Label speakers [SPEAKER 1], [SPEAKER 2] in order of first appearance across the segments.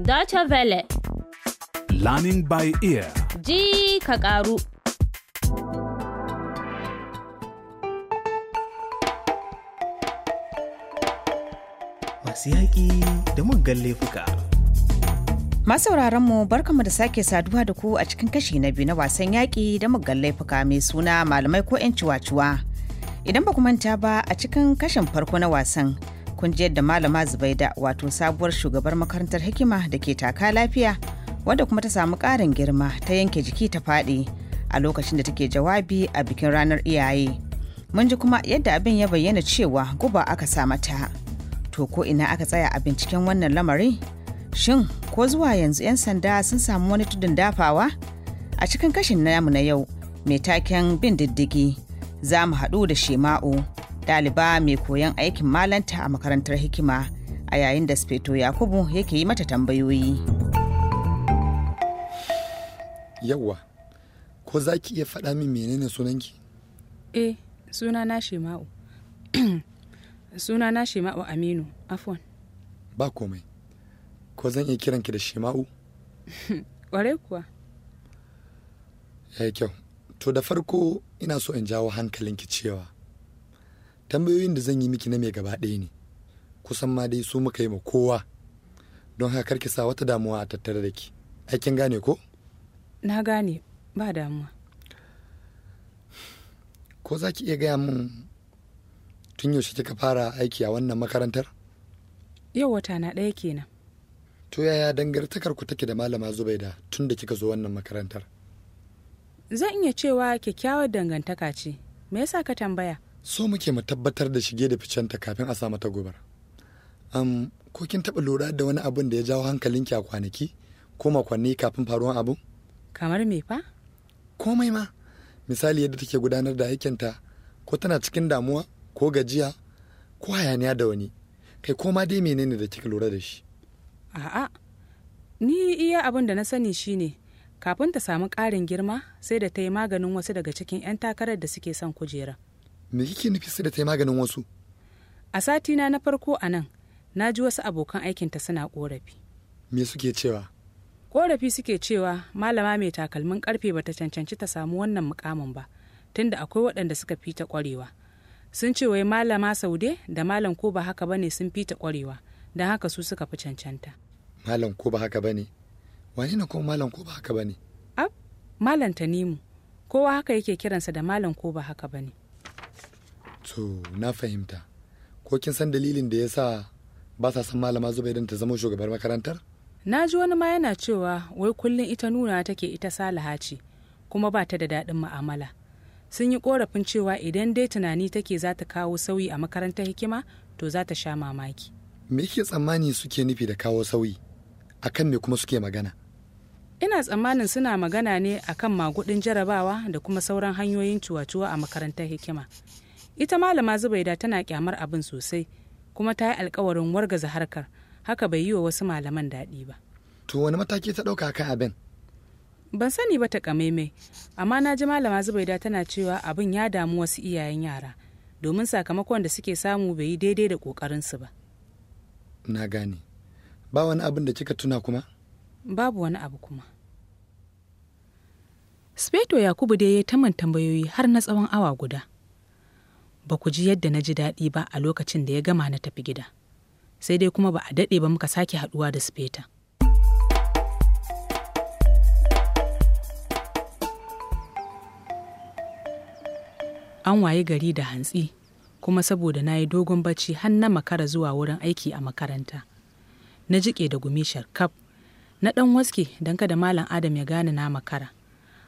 [SPEAKER 1] Deutsche Welle.
[SPEAKER 2] Learning by ear.
[SPEAKER 3] Ji ka karu.
[SPEAKER 1] Masu yaƙi
[SPEAKER 3] da muggan laifuka. Masu mu barkamu da sake saduwa da ku a cikin kashi na biyu na wasan yaƙi da muggan laifuka mai suna malamai ko 'yan ciwa-ciwa. Idan ba ku manta ba a cikin kashin farko na wasan kun ji yadda malama zubaida wato sabuwar shugabar makarantar hikima da ke taka lafiya wadda kuma ta samu ƙarin girma ta yanke jiki ta faɗi a lokacin da take jawabi a bikin ranar iyaye mun ji kuma yadda abin ya bayyana cewa guba aka sa mata to ko ina aka tsaya a binciken wannan lamari shin ko zuwa yanzu 'yan sanda sun samu wani tudun dafawa a cikin kashin namu na yau mai taken bin diddigi za mu haɗu da shema'u ɗaliba mai koyon aikin malanta a makarantar hikima a yayin da speto yakubu yake yi mata tambayoyi
[SPEAKER 4] yawwa ko za ki iya faɗa min menene sunanki
[SPEAKER 1] eh suna na shema'u suna na shema'u aminu afon
[SPEAKER 4] ba komai ko zan iya kiranki da shema'u
[SPEAKER 1] ƙwarai kuwa
[SPEAKER 4] ya eh, kyau to da farko ina so in jawo hankalinki cewa tambayoyin da zan yi miki na mai gaba ɗaya ne kusan ma dai su muka yi ma kowa don haka karki sa wata damuwa a tattare da ki aikin gane ko
[SPEAKER 1] na gane ba damuwa
[SPEAKER 4] ko za ki iya gaya min tun yaushe kika fara aiki a wannan makarantar
[SPEAKER 1] yau wata na ɗaya
[SPEAKER 4] kenan to yaya dangantakar ku take da malama zubaida tun da kika zo wannan makarantar
[SPEAKER 1] zan iya cewa kyakkyawar dangantaka ce me yasa ka tambaya
[SPEAKER 4] so muke mu tabbatar da shige da ficenta kafin a sa mata gobar ko kin taɓa lura da wani abun da ya jawo ki a kwanaki ko makonni kafin faruwan abun? kamar me fa komai ma misali yadda take gudanar da aikinta ko tana cikin damuwa ko gajiya ko hayaniya da wani kai ko ma dai menene da kika lura da shi
[SPEAKER 1] a'a ni iya abin da na sani shine kafin ta samu ƙarin girma sai da ta yi maganin wasu daga cikin 'yan takarar da suke son kujera
[SPEAKER 4] me kike nufi su da ta maganin wasu
[SPEAKER 1] a satina na farko a nan na ji wasu abokan aikinta suna korafi
[SPEAKER 4] me suke cewa
[SPEAKER 1] korafi suke cewa malama mai takalmin karfe bata cancanci ta samu wannan mukamin ba tunda akwai waɗanda suka fi ta kwarewa sun ce wai malama saude da malam ko ba haka bane sun fi ta kwarewa don haka su suka fi cancanta
[SPEAKER 4] malam ko ba haka bane wani na kuma malam ko ba haka bane
[SPEAKER 1] ab malam tanimu kowa haka yake kiransa da malam ko ba haka bane
[SPEAKER 4] to na fahimta ko kin san dalilin da ya sa ba sa san malama idan ta zama shugabar makarantar
[SPEAKER 1] na ji wani ma yana cewa wai kullum ita nuna take ita salaha ce kuma ba ta da daɗin ma'amala sun yi korafin cewa idan dai tunani take za ta kawo sauyi a makarantar hikima to za ta sha mamaki
[SPEAKER 4] me yake tsammani suke nufi da kawo sauyi akan me kuma suke magana
[SPEAKER 1] ina tsammanin suna magana ne akan magudin jarabawa da kuma sauran hanyoyin cuwa-cuwa a makarantar hikima ita malama zubaida tana kyamar abin sosai kuma ta yi alkawarin wargaza harkar haka bai yi wa wasu malaman daɗi ba
[SPEAKER 4] to wani mataki ta ɗauka kan abin
[SPEAKER 1] ban sani ba takamaimai amma na ji malama zubaida tana cewa abin ya damu wasu iyayen yara domin sakamakon da suke samu bai yi daidai da ƙoƙarinsu ba
[SPEAKER 4] na gane ba wani abin da kika tuna kuma
[SPEAKER 1] babu wani abu kuma speto yakubu dai ya taman tambayoyi har na tsawon awa guda ba ku ji yadda na ji daɗi ba a lokacin da ya gama na tafi gida sai dai kuma ba a daɗe ba muka sake haɗuwa da feta an wayi gari da hantsi kuma saboda na yi dogon bacci har na makara zuwa wurin aiki a makaranta na jiƙe da gumi sharkaf na ɗan waske don kada malam adam ya gane na makara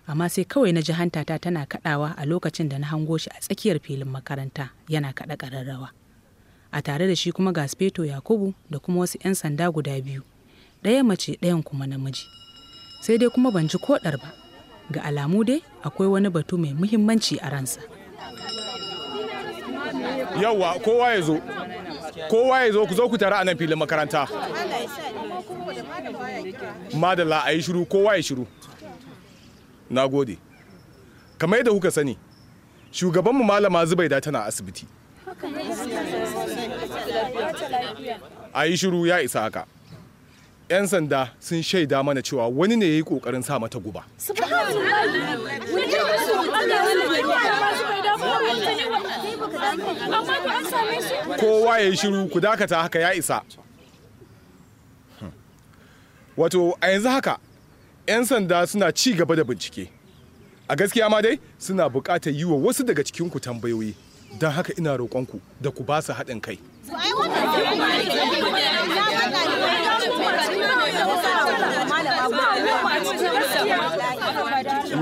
[SPEAKER 1] amma sai kawai na ji hantata tana kadawa a lokacin da na hango shi a tsakiyar filin makaranta yana kada kararrawa a tare da shi kuma gaspeto yakubu da kuma wasu 'yan sanda guda biyu ɗaya mace ɗayan kuma namiji sai dai kuma ban ji koɗar ba ga alamu dai akwai wani batu mai muhimmanci a ransa
[SPEAKER 2] yawwa kowa ya zo kowa ya zo ku zo ku tare a nan filin makaranta madala a yi shiru kowa ya shiru na gode kamar yadda kuka sani shugabanmu malama zubaida tana asibiti a yi shiru ya isa haka 'yan sanda sun shaida mana cewa wani ne ya yi kokarin sa mata guba kowa ya yi shiru ku dakata haka ya isa wato a yanzu haka 'yan sanda suna ci gaba da bincike a gaskiya ma dai suna buƙatar yi wa wasu daga cikin ku tambayoyi don haka ina roƙonku da ku ba su haɗin kai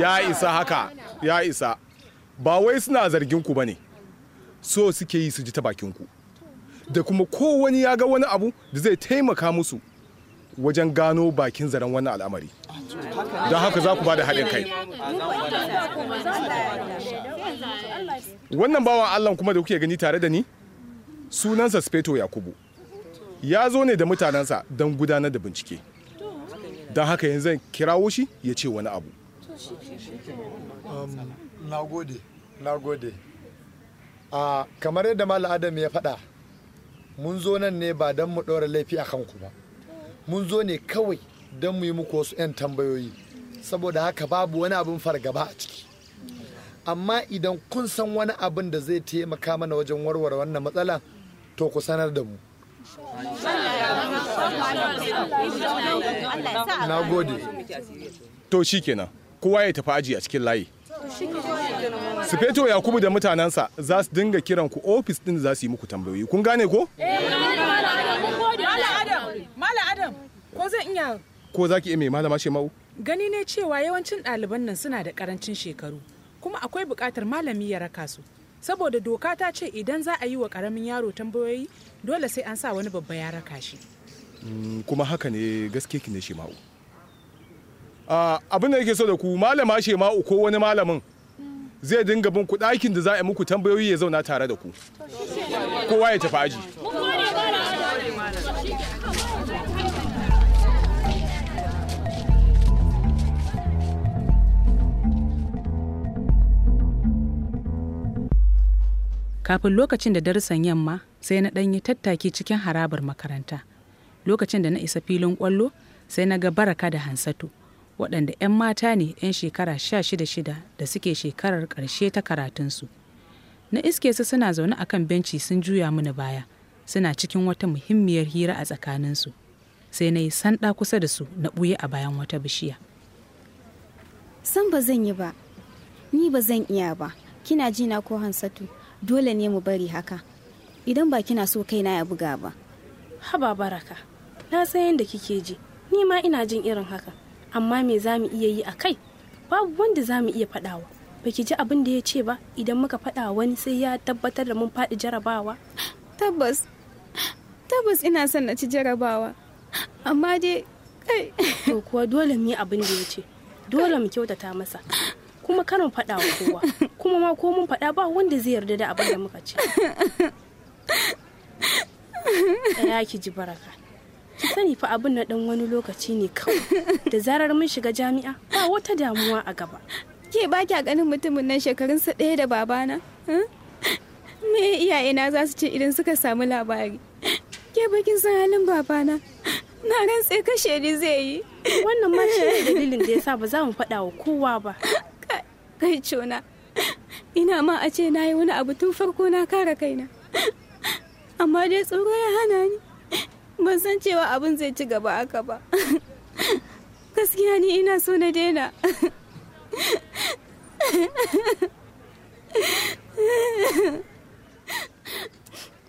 [SPEAKER 2] ya isa haka ya isa ba wai suna zarginku ba ne so suke yi su ji ta bakinku da kuma kowani ya ga wani abu da zai taimaka musu wajen gano bakin zaren wani al'amari
[SPEAKER 3] don haka za ku ba da haɗin kai
[SPEAKER 2] wannan bawan allah kuma da kuke gani tare da ni sunansa speto yakubu ya zo ne da mutanensa don gudanar da bincike don haka yanzu kirawo shi ya ce wani abu
[SPEAKER 4] um, nagode nagode ah, kamar yadda malam adam ya faɗa mun zo nan ne ba don mu ɗora laifi a kanku ba mun zo ne kawai don mu yi muku wasu 'yan tambayoyi saboda haka babu wani abin fargaba a ciki amma idan kun san wani abin da zai taimaka mana wajen warware wannan matsala to ku sanar da mu na gode to shi kenan kowa
[SPEAKER 2] ya tafi aji a cikin layi sufeto yakubu da mutanensa za su dinga kiran ku ofis din za su yi muku tambayoyi kun gane ko?
[SPEAKER 1] Eh, Mala Adam, ko zan iya
[SPEAKER 2] ko za ki iya mai malama shema'u
[SPEAKER 1] gani ne cewa yawancin ɗaliban nan suna da ƙarancin shekaru kuma akwai buƙatar malami ya raka su saboda doka ta ce idan za a yi wa ƙaramin yaro tambayoyi dole sai an sa wani babba ya raka shi
[SPEAKER 2] mm, kuma haka ne gaske ki ne shema'u abin da yake so da ku malama shema'u ko wani malamin zai dinga bin ku ɗakin da za a muku tambayoyi ya zauna tare da ku kowa ya tafi aji
[SPEAKER 1] kafin lokacin da darussan yamma sai na ɗanyi tattaki cikin harabar makaranta lokacin da na isa filin ƙwallo sai na ga baraka da hansatu waɗanda 'yan mata ne 'yan shekara sha shida shida da suke shekarar ƙarshe ta karatunsu na iske su suna zaune a kan benci sun juya mini baya suna cikin wata muhimmiyar hira a tsakaninsu sai na yi sanda kusa da su na ɓuye a bayan wata bishiya
[SPEAKER 3] san ba zan yi ba ni ba zan iya ba kina jina ko hansatu dole ne mu bari haka idan ba kina so kaina ya buga ba haba baraka
[SPEAKER 1] na san yadda kike ji ni ma ina jin irin haka amma me za mu iya yi a kai babu wanda za mu iya faɗawa baki ji abin da ya ce ba idan muka faɗa wani sai ya tabbatar da mun
[SPEAKER 3] faɗi jarabawa tabbas tabbas ina son na ci jarabawa amma dai kai kuwa dole mu yi abin da ya ce dole mu kyautata
[SPEAKER 1] masa kuma kana faɗa wa kowa kuma ma ko mun faɗa ba wanda zai yarda da abin da muka ci. ya ki ji baraka
[SPEAKER 2] ki
[SPEAKER 3] sani fa abin na dan wani lokaci ne kawai da zarar mun shiga jami'a ba wata damuwa a gaba ke ba kya ganin mutumin nan shekarunsa ɗaya da babana me iyayena za su ce idan suka samu labari ke bakin san halin babana na rantse kashe ni zai yi wannan ma shi dalilin da yasa ba za mu faɗa wa kowa ba kai na ina ma a ce na yi wani abu tun farko na kare kaina amma dai tsoro ya hana ni ban san cewa abin zai ci gaba aka ba gaskiya ni ina so na daina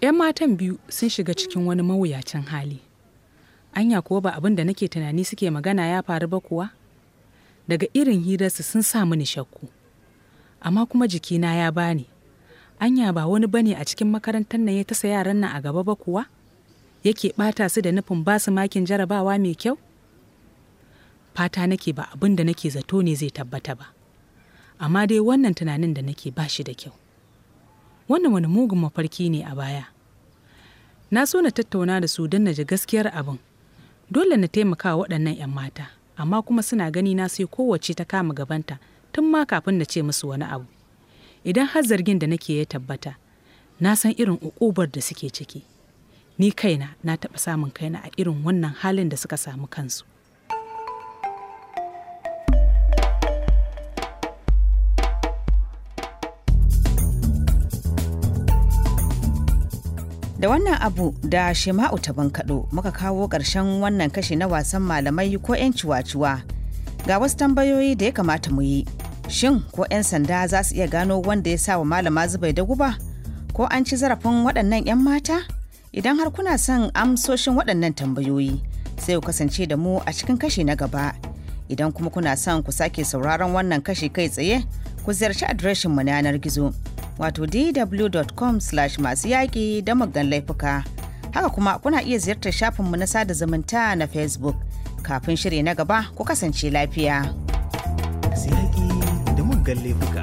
[SPEAKER 1] yan matan biyu sun shiga cikin wani mawuyacin hali anya kuwa ba abin da nake tunani suke magana ya faru ba kuwa daga irin hirarsu sun sa mini shakku amma kuma jikina ya bani anya ba wani bane a cikin makarantar nan ya tasa yaran nan a gaba ba kuwa yake bata su da nufin ba su makin jarabawa mai kyau fata nake ba abin da nake zato ne zai tabbata ba amma dai wannan tunanin da nake ba shi da kyau wannan wani mugun mafarki ne a baya na so na tattauna da su don na ji gaskiyar abin dole na taimaka waɗannan 'yan mata amma kuma suna gani na sai kowace ta kama gabanta tun ma kafin na ce musu wani abu idan har zargin da nake ya tabbata na san irin ukubar da suke ciki ni kaina na taɓa samun kaina a irin wannan halin da suka samu kansu
[SPEAKER 3] Da wannan abu da Shema'u ta bankaɗo muka kawo ƙarshen wannan kashi na wasan malamai ko 'yan ciwa-ciwa ga wasu tambayoyi da ya kamata mu yi. Shin ko 'yan sanda za su iya gano wanda ya sa wa malama zubai da guba? Ko an ci zarafin waɗannan 'yan mata? Idan har kuna son amsoshin waɗannan tambayoyi, sai ku kasance da mu a cikin kashi na gaba. Idan kuma kuna son ku sake sauraron wannan kashi kai tsaye, ku ziyarci adireshin mu na yanar gizo, wato dw.com masu yaƙi da muggan laifuka. Haka kuma kuna iya ziyartar shafinmu na sada zumunta na Facebook. Kafin shiri na gaba, ku kasance lafiya.
[SPEAKER 2] gallee